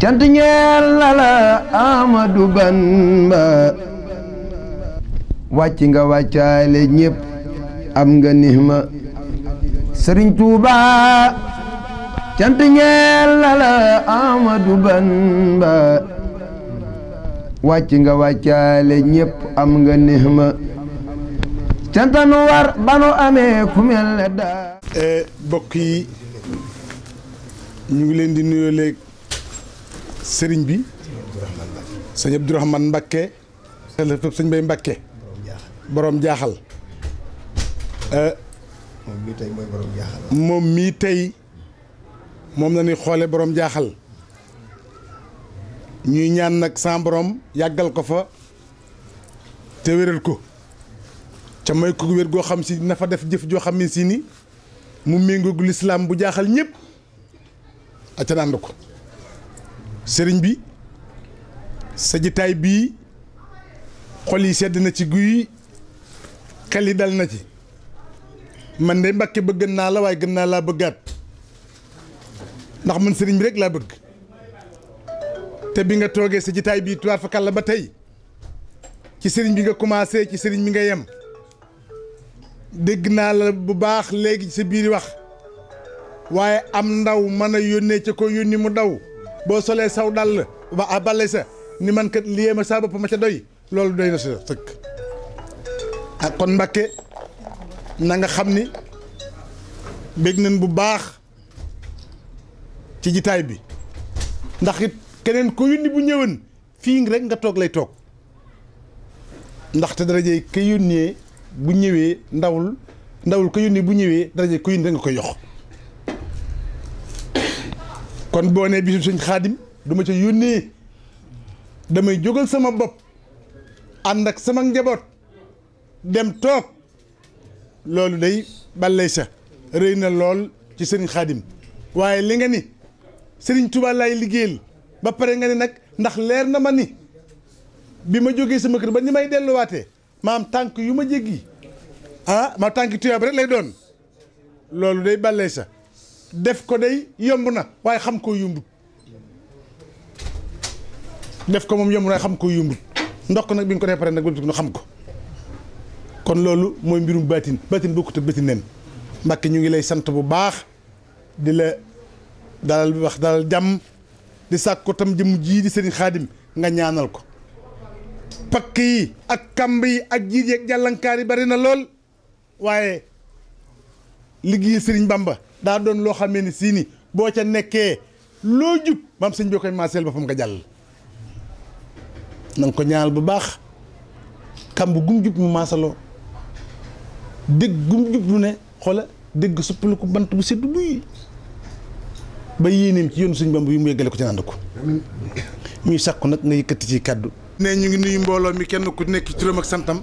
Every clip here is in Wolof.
cant ñeel na la Amadou nga wàccaale ñépp am nga nihma Sëriñ Tuuba cant ñeel na la Amadou nga wàccaale ñépp am nga nihma cantanu war banu amee ku mel ne eh, bokk yi ñu leen di nuyoo léegi sëriñ bi sëñ Abdourahmane Mbakke la fépp sëñ Bay Mbakke boroom jaaxal moom mii tey moom mii tey la ñuy xoole boroom jaaxal ñuy ñaan nag sa borom yàggal ko fa te wéral ko ca may ko wér goo xam si na fa def jëf joo xam ne si ni mu méngoog lislaam bu jaaxal ñëpp ca ànd ko sëriñ bi sa jitaay bii xol yi sedd na ci guy xel yi dal na ci man de Mbàkke ba gën naa la waaye gën naa laa bëggaat ndax man sëriñ bi rek laa bëgg te bi nga toogee sa jitaay bii tuwaat fa kàlla ba tey ci sëriñ bi nga commencé ci sëriñ bi nga yem dégg naa la bu baax léegi ci sa biir wax waaye am ndaw mën a yónnee ca ko yónni mu daw boo solee saw dàll ba balle sa ni man kat liyee ma saa bopp ma ca doy loolu doy na sa sëkk ak ah, kon Mbàkke nanga xam ni bég nañ bu baax ci jitaay bi ndax it keneen ko yónni bu ñëwoon fii rek nga toog lay toog ndaxte darajey ka yónnee bu ñëwee ndawul ndawul ko yónni bu ñëwee darajey ko yónni rek nga koy yox kon boo nee bisu sëñ xaadim duma ma ca yónnee damay jógal sama bopp ànd ak sama njaboot dem toog loolu day ballay sa rëy na lool ci seen xaadim waaye li nga ni sëriñ Tuubaa laay liggéeyal ba pare nga ni nag ndax leer na ma ni bi ma jógee sama kër ba ni may delluwaatee maam tànk yu ma jéggi ah ma tànk tuyaab rek lay doon loolu day ballay sa def ko day yomb na waaye xam ko yombut def ko moom yomb na xam ko yombut ndox ko nag bi nga ko dee pare nag wala nu xam ko kon loolu mooy mbirum baatin baatin bokkut ak baatin neen Mbàkke ñu ngi lay sant bu baax di la dalal bi wax dalal jàmm di sàkk ko tam jëm jii di Sëriñ Xaadim nga ñaanal ko pakk yi ak kàmb yi ak jiit yi yi bari na lool waaye liggéey Sëriñ Bamba daa doon loo xamee ni siini boo ca nekkee loo jub maam sëñ bi koy maaseel ba fam nga jàll na nga ko ñaanal bu baax kamb gum jub mu maasaloo dégg gum jub lu ne xoola dégg suppali ko bant bu sedd buy ba yéeneem ci yoonu suñ bamb yi mu yeggale ko ci naan ko ñuy sàkku nag nga yëkkati ci kàddu ne ñu ngi nuyu mbooloo mi kenn ku nekk ci turam ak santam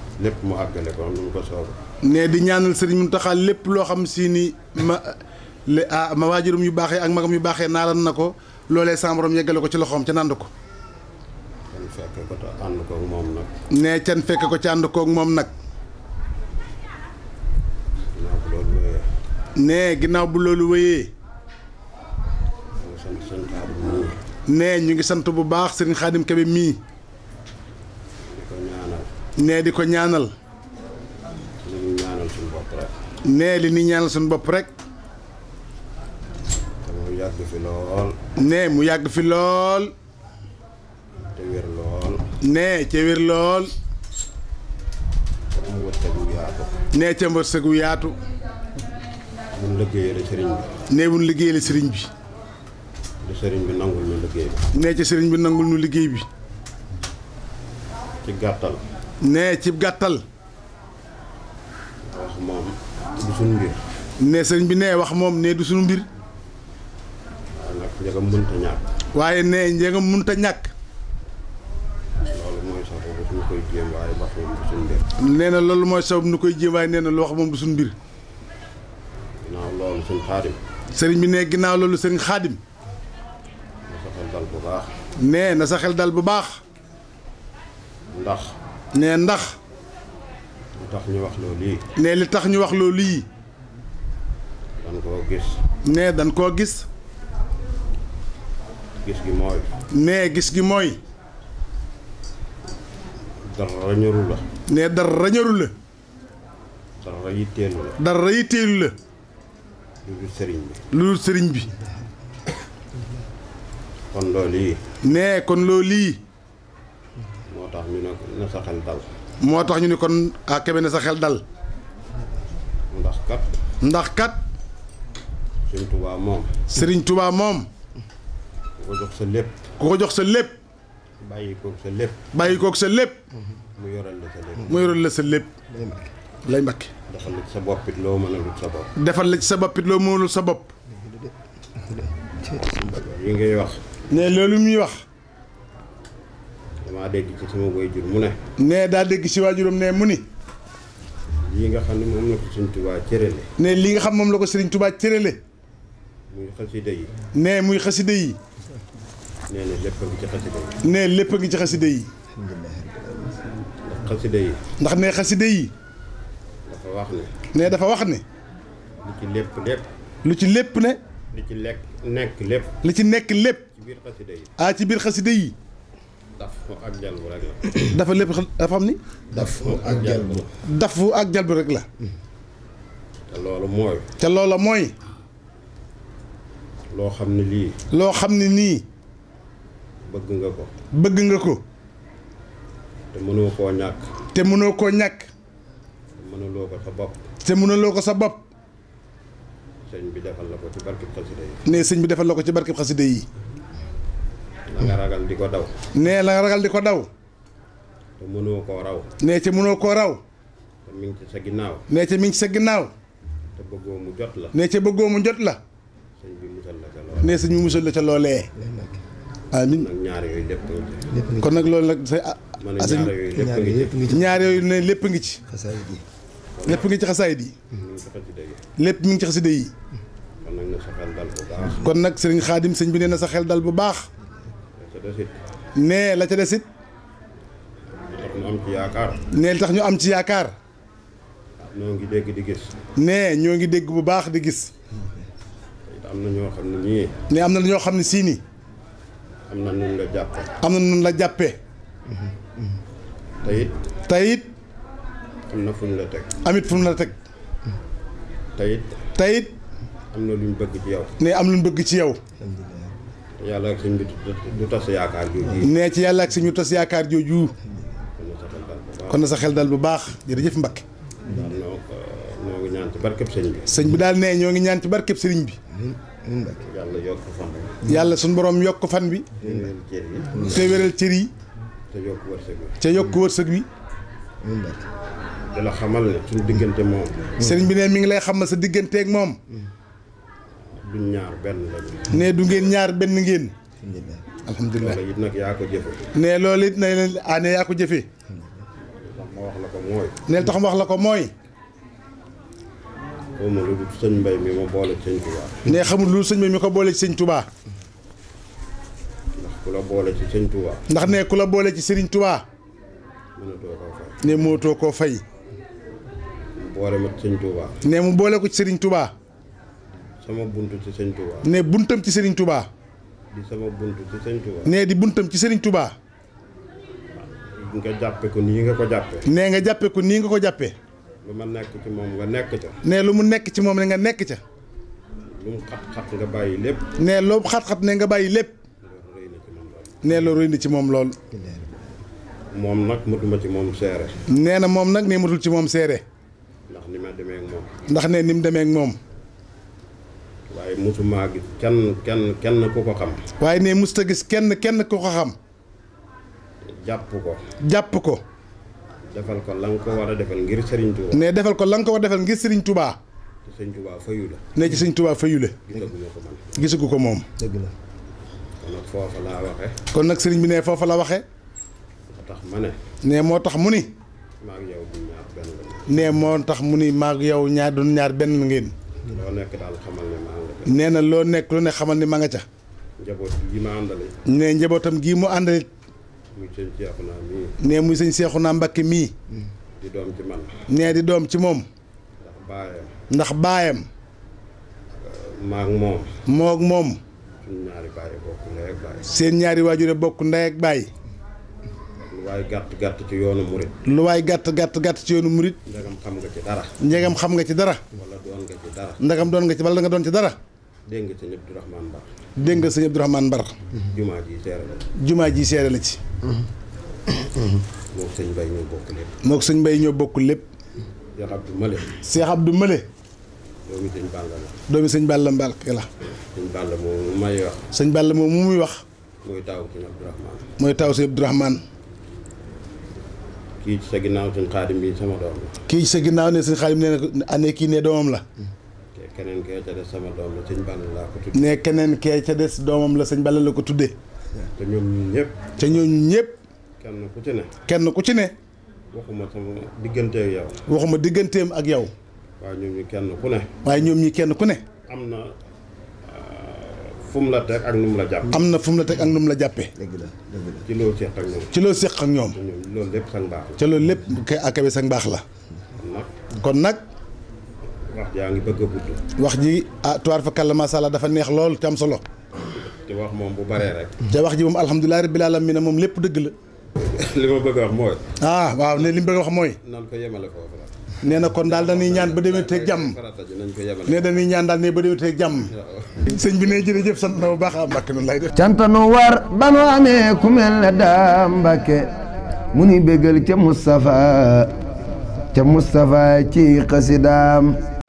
lépp mu àggale ko nu ko soob ne di ñaanal sëriñ mu taxaal lépp loo xam si ni ma ah ma waajurum yu baaxee ak magam yu baaxee naalan na ko loolee sa borom yeggale ko ci loxoom ca nànd ko can fekk ko ca ànd koog moom nag ne can fekk ko ca ànd koog moom nag ginnaaw bu loolu wéyee ne ñu ngi sant bu baax sëriñ Xaadim Kebe mii nee di ko ñaanal. nee li ni ñaanal suñu bopp rek. mu yàgg fi lool. nee mu yàgg fi lool. te wér lool. nee ca wér lool. nee ca wërsëgu yaatu. mun liggéeyale sëriñ bi. nee mun liggéeyale sëriñ bi. nee sëriñ bi nangul nu liggéey bi. nee ca sëriñ bi nangul nu liggéey bi. ci gàttal. nee ci gàttal. wax moom du sunu mbir. nee sëñ bi nee wax moom nee du sunu mbir. waaye nag njëgam mënta ñàkk. waaye nee njëgam mënta ñàkk. loolu mooy sabab nu koy jéem waaye wax moom du sunu mbir. nee na loolu mooy sabab nu koy jéem waaye nee na lu wax moom du sunu mbir. ginnaaw loolu sëñ xaadim. sëriñ bi nee ginnaaw loolu sëriñ xaadim. na sa xel dal bu baax. nee na sa xel dal bu baax. ndax. ne ndax. li tax ñu wax loolu yii. ne li tax ñu wax loolu yii. dañ koo gis. ne dañ koo gis. gis gi mooy. ne gis gi mooy. dara ñoru la. ne dara ñoru la. dara yitteelu la. lu dul sëriñ bi. lu dul sëriñ bi. kon loolu yii. ne kon loolu yii. moo tax ñu ne na sa xel dal. moo tax ñu ne kon ah Kébé na sa xel dal. ndax kat. ndax kat. Serigne Touba moom. Serigne Touba moom. ku ko jox sa lépp. ku ko jox sa lépp. bàyyi koog sa lépp. bàyyi koog sa lépp. mu yoral la sa lépp. la sa lépp. lay mbakke. defal la ci sa boppit it loo mënalul sa bopp. defal la sa bopp it sa bopp. li ngay wax. ne loolu muy wax. maa dégg ci sama waajur mu ne. nee daa dégg si waajuram ne mu ni. lii nga xam ne moom la ko Sëriñ Tuubaa cërale. nga xam moom la ko Sëriñ Tuubaa cërale. muy xasida yi. nee muy xasida yi. nee na lépp a ngi ci xasida yi. lépp a ngi ci xasida yi. ndax xasida ndax nee xasida yi. dafa wax ne. nee dafa wax ne. lu ci lépp lépp. lu ci lépp ne. lu ci lekk nekk lépp. lu ci nekk lépp. ci biir xasida yi. ah ci biir xasida yi. dafu ak jalbu rek la. dafa lépp dafa ni. dafu ak jalbu. dafu ak jalbu rek la. te loolu mooy. te loolu mooy. loo xam ne lii. loo xam ne nii. bëgg nga ko. bëgg nga ko. te mënoo koo ñàkk. te mënoo koo ñàkk. te mënuloo ko sa bopp. te mënuloo ko sa bopp. sëñ bi defal la ko ci barkib xasida yi. ne sëñ bi defal la ko ci barkib xasida yi. la nga ragal di ko daw. nee la nga ragal di ko daw. te mënoo koo raw. nee ca mënoo koo raw. mi ngi ci sa ginnaaw. nee ca mi ngi ci sa ginnaaw. te bëggoo mu jot la. nee ca bëggoo mu jot la. sëñ bi musal la ca loolee. nee sëñ bi musal la ca loolee. amiin nag ñaar yooyu lépp kon nag loolu nag say. ma ne ah, ñaar yooyu lépp ngi ci ñaar yooyu ne lépp ngi ci. xasaayid yi. lépp ngi ci xasaayid yi. lépp mi ngi ci xaside yi. kon nag sa xel dal bu kon nag sëriñ Xaadim sëñ bi nee na sa xel dal bu baax. nee la ca des it. nee li tax ñu am ci yaakaar. nee li tax ñu am ci yaakaar. ñoo dégg di gis. nee ñoo ngi dégg bu baax di gis. am na ñoo xam ne nii. nee am na lu ñoo xam ne sii nii. am na nun la jàppee. am na nun la jàppee. tayit tayit am na fu la teg. amit fu ñu la teg. tayit tayit am na lu ñu bëgg ci yow. nee am lu ñu bëgg ci yow. yàlla ak sëñ bi du tas yaakaar jooju. nee ci yàlla ak sëñ ñu tas yaakaar jooju. kon na sa xel dal bu baax jërëjëf Mbacke. daal noo ñoo sëñ bi. sëñ bi daal nee ñoo ngi ñaan ci barkeb sëriñ bi. yàlla yokk fan yàlla suñu borom yokk fan bi. te wéral cër yi. te yokk wërsëg wi. te yokk wërsëg wi. di la xamal ne suñu diggante moom. sëriñ bi ne mi ngi lay xamal sa digganteeg moom. duñ ñaar benn du ngeen ñaar benn ngeen. alhamdulilah loolu it na yaa ko jëfe. ne leen ah yaa ko jëfe. tax ma ne tax ma wax la ko mooy. xamul lu mbay mi ma boole ci sëñ tubaa. ne xamul lu sëñ mbay mi ko boole ci sëñ tubaa. ndax ku ndax ne ku la boole ci sëriñ tubaa. mënatoo koo fay. koo fay. mu boole ma ci sëñ tubaa. ne mu boole ko ci sëriñ tubaa. sama buntu ci sëñ Touba. ne buntam ci sëriñ Touba. di sama buntu ci sëñ Touba. ne di buntam ci sëriñ tubaa nga jàppe ko nii nga ko jàppe nee nga jàppe ko nii nga ko jàppe lu ma nekk ci moom nga nekk ca. nee lu mu nekk ci moom ne nga nekk ca. lu mu xat-xat bàyyi lépp. nee loo xat-xat ne nga bàyyi lépp. nee loolu rëy na ci moom lool. moom nag matuma ci moom seere. nee na moom nag ne matul ci moom seere. ndax ni ma demee ak moom. ndax ne ni mu demee moom. waaye mosumaa gis kenn kenn kenn ku ko xam. waaye ne musta gis kenn kenn ku ko xam. jàpp ko. jàpp ko. defal ko la nga ko war a defal ngir Serigne Touba. ne defal ko la nga ko war a defal ngir Serigne Touba. ci Serigne Touba fayu la. ne ci ko man gisagu ko moom. dëgg la. kon kon nag Serigne bi ne foofa la waxe moo tax ma ne. ne moo tax mu ni. maa ngi yow ñaar benn ngeen. moo tax mu ni maa yow ñaar duñ ñaar benn ngeen. loo nee na loo nekk lu ne xamal ni ma nga ca. njaboot gi njabootam gii mu àndale. muy sëñ Seexuna mii. nee muy sëñ Seexuna Mbakke mii. di doom ci man. nee di doom ci moom. ndax baayam. ndax baayam. Euh, maak moom. mook moom. seen ñaari baay seen ñaari waajure bokk ndey ak baay. lu waay gàtt gàtt ci yoonu murit. lu waay gàtt gàtt gàtt ci yoonu murit. ndegam xam nga ci dara. ndegam xam nga ci dara. wala doon nga ci dara. ndegam doon nga ci wala nga doon ci dara. dégg nga sëñ Abdourahmane Mbar. dégg nga sëñ Abdourahmane Mbar. jumaa ji seere la ci. jumaa ji seere la ci. moog sëñ Mbaye ñoo bokk lépp. moog sëñ Mbaye ñoo bokk lépp. Cheikh Abdou Mële. Cheikh Abdou Mële. doomi sëñ Balla la. doomi Balla Mbarke la. sëñ wax. sëñ Balla moomu muy wax. mooy taaw sëñ Abdourahmane. mooy kii ci sa ginnaaw sëñ Xaadim bi sama doom la. kii ci sa ginnaaw ne sëñ Xaadim nee na ko kii ne doomam la. keneen kee ca des sama doom la sëñ laa ko tuddee. ne keneen kee ca des doomam la sañ Balla la ko tuddee. te ñoom ñëpp. te ñooñu ñëpp. kenn ku ci ne. kenn ku ci ne. waxuma sama diggante ak waxuma digganteem ak yow. waaye ñoom ñi kenn ku ne. waaye ñoom ñi kenn ku ne. am na ah, fu mu la teg ak nu mu la jàpp. am na fu mu la teg ak nu mu la jàppee. dëgg la dëgg la ci loo séq ak ñoom. ci loo loolu lépp sang baax la. ca loolu lépp kay akabe sang baax la. kon nag. wax jaa ngi bëgg a gudd. wax ji ah tuwaar fa kàlla macha allah dafa neex lool te am solo. te wax moom bu baree rek. te wax ji moom alhamdulilah rabbil alamin moom lépp dëgg la. li ma bëgg a wax mooy. ah waaw ne li mu bëgg a wax mooy. nan ko yemale foofu la. nee na kon daal dañuy ñaan ba demee teg jàmm nee dañuy ñaan daal ne ba demee teg jàmm. sëñ bi ne jërëjëf sant na bu baax a ah, Mbàkke noonu lay war ba nu amee ku mel ne daa Mbàkke mu ni bégal ca Moustapha ca Moustapha ci xasidaam